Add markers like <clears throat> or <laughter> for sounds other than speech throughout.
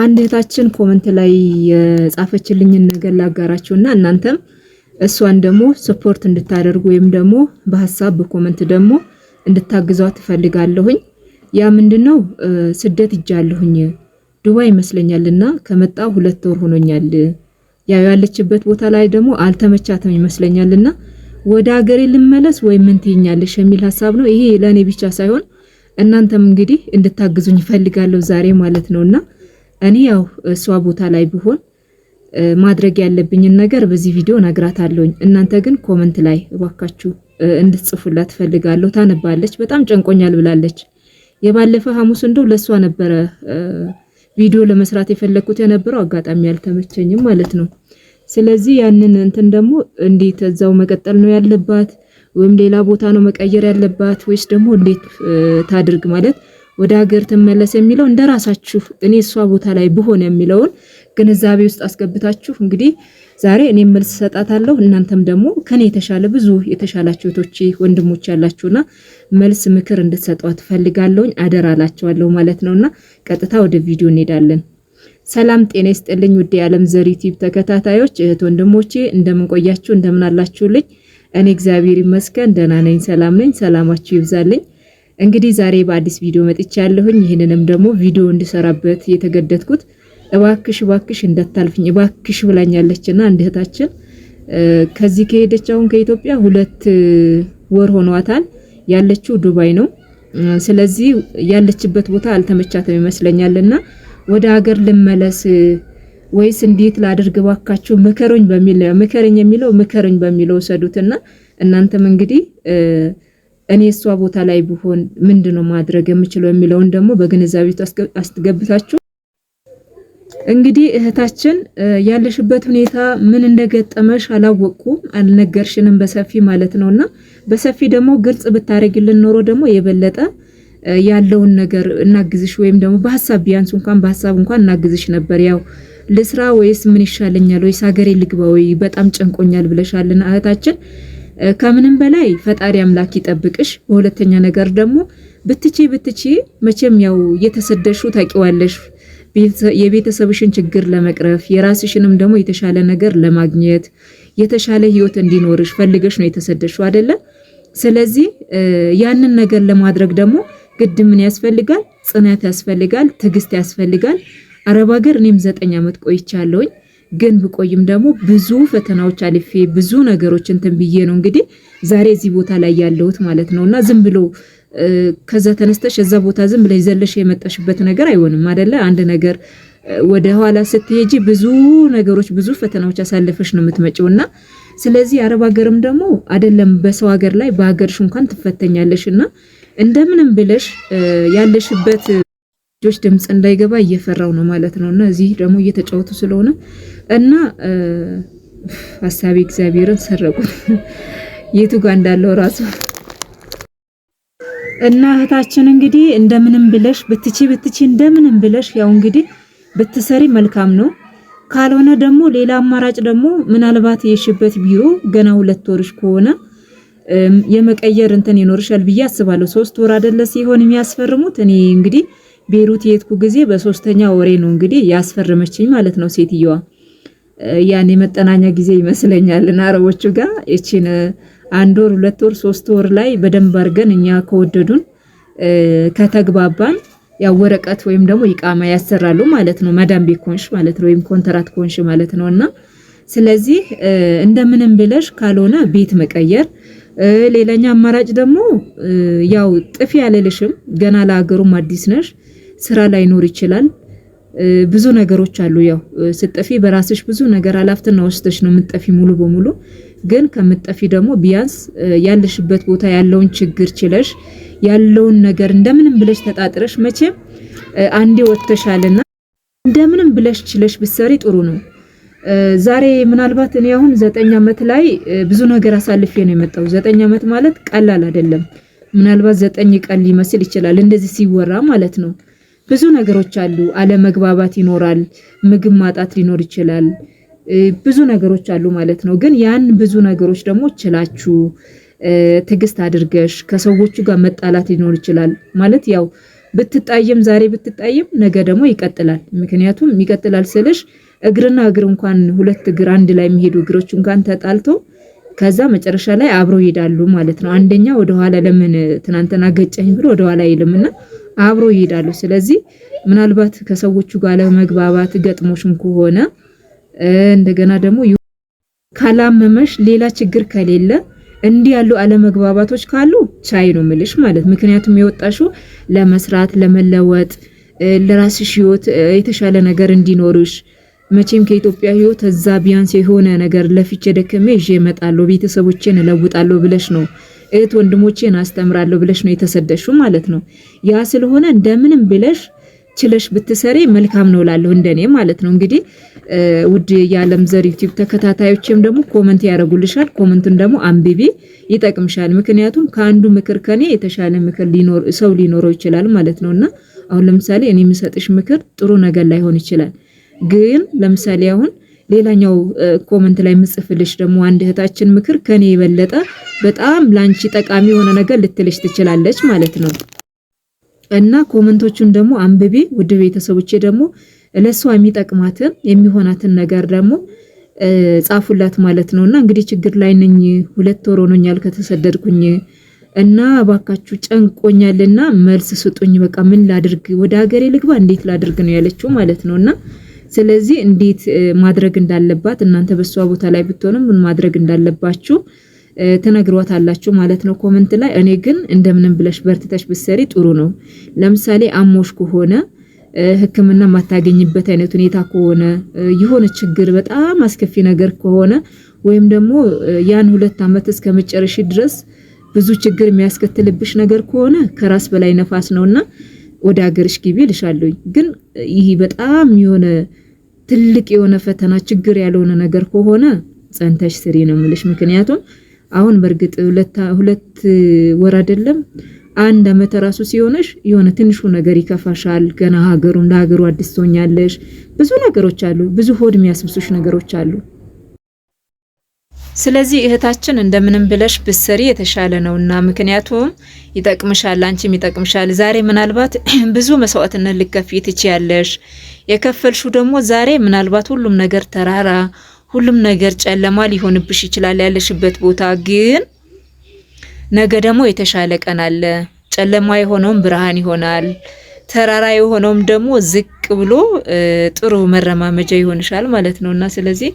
አንድ እህታችን ኮመንት ላይ የጻፈችልኝን ነገር ላጋራችሁና እናንተም እሷን ደግሞ ሰፖርት እንድታደርጉ ወይም ደግሞ በሀሳብ በኮመንት ደግሞ እንድታግዟት ትፈልጋለሁኝ። ያ ምንድነው ስደት እጃለሁኝ ዱባይ ይመስለኛልና ከመጣ ሁለት ወር ሆኖኛል። ያው ያለችበት ቦታ ላይ ደግሞ አልተመቻትም ይመስለኛልና ወደ ሀገሬ ልመለስ ወይ ምን ትይኛለሽ የሚል ሀሳብ ነው። ይሄ ለእኔ ብቻ ሳይሆን እናንተም እንግዲህ እንድታግዙኝ ይፈልጋለሁ ዛሬ ማለት ነውና እኔ ያው እሷ ቦታ ላይ ብሆን ማድረግ ያለብኝን ነገር በዚህ ቪዲዮ ነግራታለሁኝ። እናንተ ግን ኮመንት ላይ እባካችሁ እንድትጽፉላት ፈልጋለሁ። ታነባለች። በጣም ጨንቆኛል ብላለች። የባለፈ ሐሙስ እንደው ለእሷ ነበረ ቪዲዮ ለመስራት የፈለግኩት የነበረው አጋጣሚ አልተመቸኝም ማለት ነው። ስለዚህ ያንን እንትን ደግሞ እንዴት እዛው መቀጠል ነው ያለባት ወይም ሌላ ቦታ ነው መቀየር ያለባት ወይስ ደግሞ እንዴት ታድርግ ማለት ወደ ሀገር ትመለስ የሚለው እንደ ራሳችሁ እኔ እሷ ቦታ ላይ ብሆን የሚለውን ግንዛቤ ውስጥ አስገብታችሁ እንግዲህ ዛሬ እኔም መልስ ሰጣታለሁ። እናንተም ደግሞ ከኔ የተሻለ ብዙ የተሻላችሁ እህቶቼ ወንድሞች ያላችሁና መልስ ምክር እንድትሰጧት ትፈልጋለሁኝ አደራ አላችኋለሁ ማለት ነውና ቀጥታ ወደ ቪዲዮ እንሄዳለን። ሰላም ጤና ይስጥልኝ ውድ የዓለም ዘር ዩቲዩብ ተከታታዮች እህት ወንድሞቼ፣ እንደምንቆያችሁ እንደምን አላችሁልኝ? እኔ እግዚአብሔር ይመስገን ደህና ነኝ፣ ሰላም ነኝ። ሰላማችሁ ይብዛልኝ። እንግዲህ ዛሬ በአዲስ ቪዲዮ መጥቻ ያለሁኝ ይህንንም ደግሞ ቪዲዮ እንድሰራበት የተገደድኩት እባክሽ እባክሽ እንዳታልፍኝ እባክሽ ብላኛለችና አንድ እህታችን ከዚህ ከሄደች አሁን ከኢትዮጵያ ሁለት ወር ሆኗታል። ያለችው ዱባይ ነው። ስለዚህ ያለችበት ቦታ አልተመቻትም ይመስለኛልና ወደ ሀገር ልመለስ ወይስ እንዴት ላድርግ ባካችሁ ምከሩኝ በሚል ምከረኝ የሚለው ምከሩኝ በሚለው ሰዱትና እናንተም እንግዲህ እኔ እሷ ቦታ ላይ ብሆን ምንድነው ማድረግ የምችለው የሚለውን ደግሞ በግንዛቤ አስገብታችሁ እንግዲህ እህታችን ያለሽበት ሁኔታ ምን እንደገጠመሽ አላወቅኩም፣ አልነገርሽንም በሰፊ ማለት ነውና በሰፊ ደግሞ ግልጽ ብታረግልን ኖሮ ደግሞ የበለጠ ያለውን ነገር እናግዝሽ ወይም ደግሞ በሀሳብ ቢያንስ እንኳን በሀሳብ እንኳን እናግዝሽ ነበር። ያው ልስራ ወይስ ምን ይሻለኛል ወይስ ሀገሬ ልግባ ወይ በጣም ጨንቆኛል ብለሻልና እህታችን ከምንም በላይ ፈጣሪ አምላክ ይጠብቅሽ። በሁለተኛ ነገር ደግሞ ብትቼ ብትቼ መቼም ያው እየተሰደሹ ታቂዋለሽ የቤተሰብሽን ችግር ለመቅረፍ የራስሽንም ደግሞ የተሻለ ነገር ለማግኘት የተሻለ ህይወት እንዲኖርሽ ፈልገሽ ነው የተሰደሹ አይደለ? ስለዚህ ያንን ነገር ለማድረግ ደግሞ ግድ ምን ያስፈልጋል? ጽናት ያስፈልጋል፣ ትግስት ያስፈልጋል። አረብ ሀገር እኔም ዘጠኝ ዓመት ቆይቻለሁኝ። ግን ብቆይም ደግሞ ብዙ ፈተናዎች አልፌ ብዙ ነገሮች እንትን ብዬ ነው እንግዲህ ዛሬ እዚህ ቦታ ላይ ያለሁት ማለት ነው። እና ዝም ብሎ ከዛ ተነስተሽ እዛ ቦታ ዝም ብለሽ ዘለሽ የመጣሽበት ነገር አይሆንም አደለ? አንድ ነገር ወደ ኋላ ስትሄጂ ብዙ ነገሮች ብዙ ፈተናዎች አሳልፈሽ ነው የምትመጪው። እና ስለዚህ አረብ ሀገርም ደግሞ አይደለም በሰው ሀገር ላይ በሀገርሽ እንኳን ትፈተኛለሽ እና እንደምንም ብለሽ ያለሽበት ልጆች ድምፅ እንዳይገባ እየፈራው ነው ማለት ነው። እና እዚህ ደግሞ እየተጫወቱ ስለሆነ እና ሀሳቢ እግዚአብሔርን ሰረቁት የቱ ጋር እንዳለው ራሱ እና እህታችን እንግዲህ እንደምንም ብለሽ ብትቺ ብትቺ እንደምንም ብለሽ ያው እንግዲህ ብትሰሪ መልካም ነው። ካልሆነ ደግሞ ሌላ አማራጭ ደግሞ ምናልባት የሽበት ቢሮ ገና ሁለት ወርሽ ከሆነ የመቀየር እንትን ይኖርሻል ብዬ አስባለሁ። ሶስት ወር አይደለ ሲሆን የሚያስፈርሙት እኔ እንግዲህ ቤሩት የሄድኩ ጊዜ በሶስተኛ ወሬ ነው እንግዲህ ያስፈረመችኝ ማለት ነው ሴትየዋ። ያን የመጠናኛ ጊዜ ይመስለኛል እና አረቦቹ ጋር ይቺን አንድ ወር ሁለት ወር ሶስት ወር ላይ በደንብ አድርገን እኛ ከወደዱን ከተግባባን ያው ወረቀት ወይም ደግሞ ይቃማ ያሰራሉ ማለት ነው። መዳም ቤት ኮንሽ ማለት ነው ወይም ኮንትራት ኮንሽ ማለት ነው። እና ስለዚህ እንደምንም ብለሽ ካልሆነ ቤት መቀየር፣ ሌላኛ አማራጭ ደግሞ ያው ጥፊ ያለልሽም ገና ለሀገሩም አዲስ ነሽ ስራ ላይኖር ይችላል። ብዙ ነገሮች አሉ። ያው ስጠፊ በራስሽ ብዙ ነገር አላፍትና ወስደሽ ነው ምጠፊ ሙሉ በሙሉ ግን ከምጠፊ ደግሞ ቢያንስ ያለሽበት ቦታ ያለውን ችግር ችለሽ ያለውን ነገር እንደምንም ብለሽ ተጣጥረሽ መቼም አንዴ ወጥተሻልና እንደምንም ብለሽ ችለሽ ብትሰሪ ጥሩ ነው። ዛሬ ምናልባት እኔ አሁን ዘጠኝ ዓመት ላይ ብዙ ነገር አሳልፌ ነው የመጣው። ዘጠኝ ዓመት ማለት ቀላል አይደለም። ምናልባት ዘጠኝ ቀን ሊመስል ይችላል እንደዚህ ሲወራ ማለት ነው። ብዙ ነገሮች አሉ። አለመግባባት ይኖራል። ምግብ ማጣት ሊኖር ይችላል። ብዙ ነገሮች አሉ ማለት ነው። ግን ያን ብዙ ነገሮች ደግሞ ችላችሁ ትዕግስት አድርገሽ ከሰዎቹ ጋር መጣላት ሊኖር ይችላል ማለት ያው ብትጣየም ዛሬ ብትጣይም ነገ ደግሞ ይቀጥላል። ምክንያቱም ይቀጥላል ስልሽ እግርና እግር እንኳን ሁለት እግር አንድ ላይ የሚሄዱ እግሮች እንኳን ተጣልቶ ከዛ መጨረሻ ላይ አብረው ይሄዳሉ ማለት ነው። አንደኛ ወደኋላ ለምን ትናንትና ገጨኝ ብሎ ወደኋላ አይልምና አብሮ ይሄዳሉ። ስለዚህ ምናልባት ከሰዎቹ ጋር ለመግባባት ገጥሞሽም ከሆነ እንደገና ደግሞ ካላመመሽ ሌላ ችግር ከሌለ እንዲህ ያሉ አለመግባባቶች ካሉ ቻይ ነው ምልሽ ማለት ምክንያቱም የወጣሽው ለመስራት፣ ለመለወጥ፣ ለራስሽ ህይወት የተሻለ ነገር እንዲኖርሽ መቼም ከኢትዮጵያ ህይወት እዛ ቢያንስ የሆነ ነገር ለፍቼ ደክሜ ይዤ እመጣለሁ ቤተሰቦቼን እለውጣለሁ ብለሽ ነው እህት ወንድሞቼን አስተምራለሁ ብለሽ ነው የተሰደሹ ማለት ነው። ያ ስለሆነ እንደምንም ብለሽ ችለሽ ብትሰሪ መልካም ነው ላለሁ እንደኔ ማለት ነው። እንግዲህ ውድ የዓለም ዘር ዩቲዩብ ተከታታዮችም ደግሞ ኮመንት ያደርጉልሻል። ኮመንቱን ደግሞ አንብቢ፣ ይጠቅምሻል። ምክንያቱም ከአንዱ ምክር ከኔ የተሻለ ምክር ሰው ሊኖረው ይችላል ማለት ነው እና አሁን ለምሳሌ እኔ የምሰጥሽ ምክር ጥሩ ነገር ላይሆን ይችላል ግን ለምሳሌ አሁን ሌላኛው ኮመንት ላይ ምጽፍልሽ ደግሞ አንድ እህታችን ምክር ከኔ የበለጠ በጣም ላንቺ ጠቃሚ የሆነ ነገር ልትልሽ ትችላለች ማለት ነው እና ኮመንቶቹን ደግሞ አንብቤ ውድ ቤተሰቦቼ ደግሞ ለእሷ የሚጠቅማትን የሚሆናትን ነገር ደግሞ ጻፉላት ማለት ነው እና እንግዲህ ችግር ላይ ነኝ። ሁለት ወር ሆኖኛል ከተሰደድኩኝ እና ባካችሁ ጨንቆኛልና መልስ ስጡኝ። በቃ ምን ላድርግ? ወደ ሀገሬ ልግባ? እንዴት ላድርግ ነው ያለችው ማለት ነው እና ስለዚህ እንዴት ማድረግ እንዳለባት እናንተ በሷ ቦታ ላይ ብትሆንም ምን ማድረግ እንዳለባችሁ ትነግሯታላችሁ ማለት ነው ኮመንት ላይ። እኔ ግን እንደምንም ብለሽ በርትተሽ ብትሰሪ ጥሩ ነው። ለምሳሌ አሞሽ ከሆነ ሕክምና የማታገኝበት አይነት ሁኔታ ከሆነ የሆነ ችግር በጣም አስከፊ ነገር ከሆነ ወይም ደግሞ ያን ሁለት ዓመት እስከ መጨረሽ ድረስ ብዙ ችግር የሚያስከትልብሽ ነገር ከሆነ ከራስ በላይ ነፋስ ነውና ወደ ሀገርሽ ግቢ ልሻለኝ። ግን ይህ በጣም የሆነ ትልቅ የሆነ ፈተና ችግር ያልሆነ ነገር ከሆነ ጸንተሽ ስሪ ነው የምልሽ። ምክንያቱም አሁን በእርግጥ ሁለት ወር አይደለም አንድ ዓመት ራሱ ሲሆነሽ የሆነ ትንሹ ነገር ይከፋሻል። ገና ሀገሩን ለሀገሩ አዲስ ትሆኛለሽ። ብዙ ነገሮች አሉ፣ ብዙ ሆድ የሚያስብሱሽ ነገሮች አሉ። ስለዚህ እህታችን እንደምንም ብለሽ ብሰሪ የተሻለ ነውና፣ ምክንያቱም ይጠቅምሻል፣ አንቺም ይጠቅምሻል። ዛሬ ምናልባት <clears throat> ብዙ መስዋዕትነት ልከፊ ትችያለሽ። የከፈልሽው ደግሞ ዛሬ ምናልባት ሁሉም ነገር ተራራ፣ ሁሉም ነገር ጨለማ ሊሆንብሽ ይችላል ያለሽበት ቦታ ግን ነገ ደግሞ የተሻለ ቀን አለ። ጨለማ የሆነውም ብርሃን ይሆናል። ተራራ የሆነውም ደግሞ ዝቅ ብሎ ጥሩ መረማመጃ ይሆንሻል ማለት ነውና ስለዚህ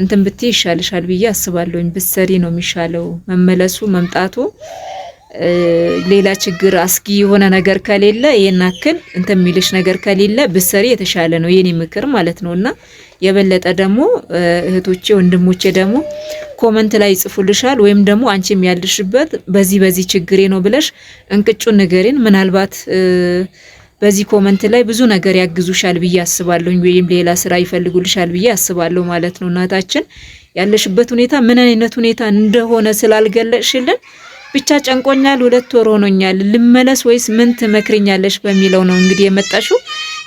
እንትን ብትይ ይሻልሻል ብዬ አስባለሁኝ። ብትሰሪ ነው የሚሻለው። መመለሱ መምጣቱ ሌላ ችግር አስጊ የሆነ ነገር ከሌለ ይሄን አክል እንትን የሚልሽ ነገር ከሌለ ብትሰሪ የተሻለ ነው የኔ ምክር ማለት ነው። እና የበለጠ ደግሞ እህቶቼ ወንድሞቼ ደግሞ ኮመንት ላይ ይጽፉልሻል፣ ወይም ደግሞ አንቺም ያልሽበት በዚህ በዚህ ችግሬ ነው ብለሽ እንቅጩን ንገሪን ምናልባት በዚህ ኮመንት ላይ ብዙ ነገር ያግዙሻል ብዬ አስባለሁኝ ወይም ሌላ ስራ ይፈልጉልሻል ብዬ አስባለሁ ማለት ነው። እናታችን ያለሽበት ሁኔታ ምን አይነት ሁኔታ እንደሆነ ስላልገለጽሽልን ብቻ ጨንቆኛል፣ ሁለት ወር ሆኖኛል፣ ልመለስ ወይስ ምን ትመክርኛለሽ በሚለው ነው እንግዲህ የመጣሽው።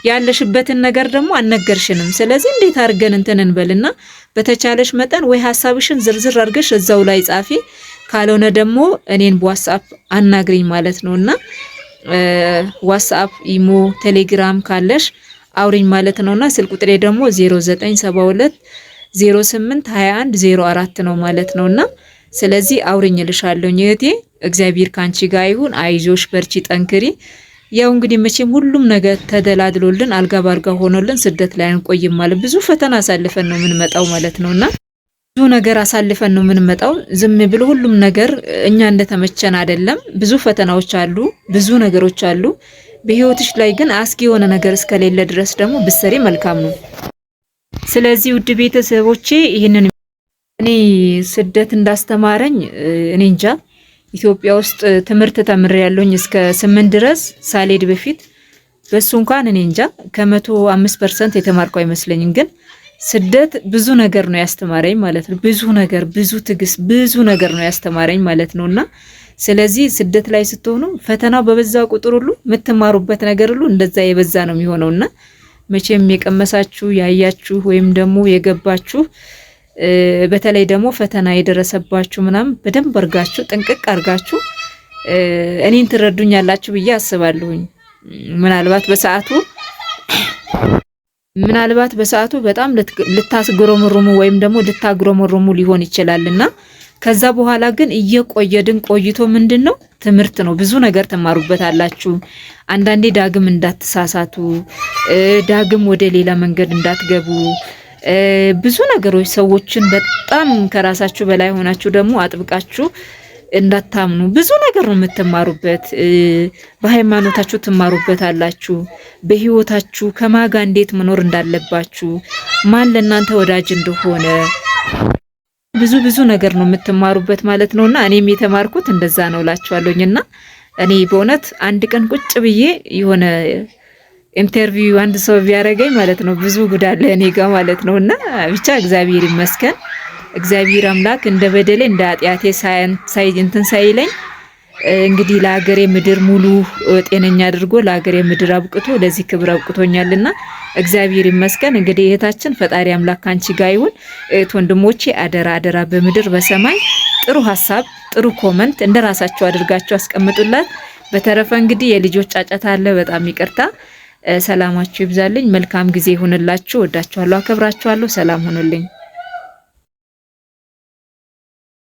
ያለሽበትን ነገር ደግሞ አልነገርሽንም። ስለዚህ እንዴት አድርገን እንትን እንበልና በተቻለሽ መጠን ወይ ሀሳብሽን ዝርዝር አድርገሽ እዛው ላይ ጻፊ፣ ካልሆነ ደግሞ እኔን በዋትስአፕ አናግሪኝ ማለት ነው እና ዋትስአፕ፣ ኢሞ፣ ቴሌግራም ካለሽ አውሪኝ ማለት ነውና ስልክ ቁጥሬ ደግሞ 0972 08 21 04 ነው ማለት ነውና ስለዚህ አውሪኝ ልሻለሁ እህቴ። እግዚአብሔር ካንቺ ጋር ይሁን። አይዞሽ፣ በርቺ፣ ጠንክሪ። ያው እንግዲህ መቼም ሁሉም ነገር ተደላድሎልን አልጋ ባልጋ ሆኖልን ስደት ላይ አንቆይም ማለት ብዙ ፈተና አሳልፈን ነው የምንመጣው ማለት ነውና ብዙ ነገር አሳልፈን ነው የምንመጣው። ዝም ብሎ ሁሉም ነገር እኛ እንደተመቸን አይደለም። ብዙ ፈተናዎች አሉ፣ ብዙ ነገሮች አሉ። በህይወትሽ ላይ ግን አስጊ የሆነ ነገር እስከሌለ ድረስ ደግሞ ብሰሪ መልካም ነው። ስለዚህ ውድ ቤተሰቦቼ ይህንን እኔ ስደት እንዳስተማረኝ እኔ እንጃ ኢትዮጵያ ውስጥ ትምህርት ተምሬ ያለሁኝ እስከ ስምንት ድረስ ሳሌድ በፊት በሱ እንኳን እኔ እንጃ ከመቶ አምስት ፐርሰንት የተማርኩ አይመስለኝም ግን ስደት ብዙ ነገር ነው ያስተማረኝ ማለት ነው። ብዙ ነገር፣ ብዙ ትዕግስት፣ ብዙ ነገር ነው ያስተማረኝ ማለት ነው እና ስለዚህ ስደት ላይ ስትሆኑ ፈተናው በበዛ ቁጥር ሁሉ የምትማሩበት ነገር ሁሉ እንደዛ የበዛ ነው የሚሆነው እና መቼም የቀመሳችሁ ያያችሁ ወይም ደግሞ የገባችሁ በተለይ ደግሞ ፈተና የደረሰባችሁ ምናምን በደንብ አርጋችሁ ጥንቅቅ አርጋችሁ እኔን ትረዱኛላችሁ ብዬ አስባለሁኝ። ምናልባት በሰዓቱ ምናልባት በሰዓቱ በጣም ልታስጎረመርሙ ወይም ደግሞ ልታጉረመርሙ ሊሆን ይችላል እና ከዛ በኋላ ግን እየቆየድን ቆይቶ ምንድን ነው ትምህርት ነው። ብዙ ነገር ትማሩበታላችሁ። አንዳንዴ ዳግም እንዳትሳሳቱ፣ ዳግም ወደ ሌላ መንገድ እንዳትገቡ ብዙ ነገሮች ሰዎችን በጣም ከራሳችሁ በላይ ሆናችሁ ደግሞ አጥብቃችሁ እንዳታምኑ ብዙ ነገር ነው የምትማሩበት። በሃይማኖታችሁ ትማሩበት አላችሁ። በህይወታችሁ ከማጋ እንዴት መኖር እንዳለባችሁ፣ ማን ለእናንተ ወዳጅ እንደሆነ ብዙ ብዙ ነገር ነው የምትማሩበት ማለት ነውና እኔም የተማርኩት እንደዛ ነው ላችኋለሁኝና እኔ በእውነት አንድ ቀን ቁጭ ብዬ የሆነ ኢንተርቪው አንድ ሰው ቢያደርገኝ ማለት ነው ብዙ ጉዳለ እኔ ጋር ማለት ነውና ብቻ እግዚአብሔር ይመስገን። እግዚአብሔር አምላክ እንደ በደሌ እንደ ኃጢአቴ ሳይንትን ሳይለኝ እንግዲህ ለሀገሬ ምድር ሙሉ ጤነኛ አድርጎ ለሀገሬ ምድር አብቅቶ ለዚህ ክብር አብቅቶኛልና እግዚአብሔር ይመስገን። እንግዲህ እህታችን ፈጣሪ አምላክ ካንቺ ጋር ይሁን። እህት ወንድሞቼ፣ አደራ አደራ፣ በምድር በሰማይ ጥሩ ሀሳብ ጥሩ ኮመንት እንደ ራሳቸው አድርጋቸው አስቀምጡላት። በተረፈ እንግዲህ የልጆች ጫጫታ አለ። በጣም ይቅርታ። ሰላማችሁ ይብዛልኝ። መልካም ጊዜ ይሁንላችሁ። ወዳችኋለሁ፣ አከብራችኋለሁ። ሰላም ሁኑልኝ።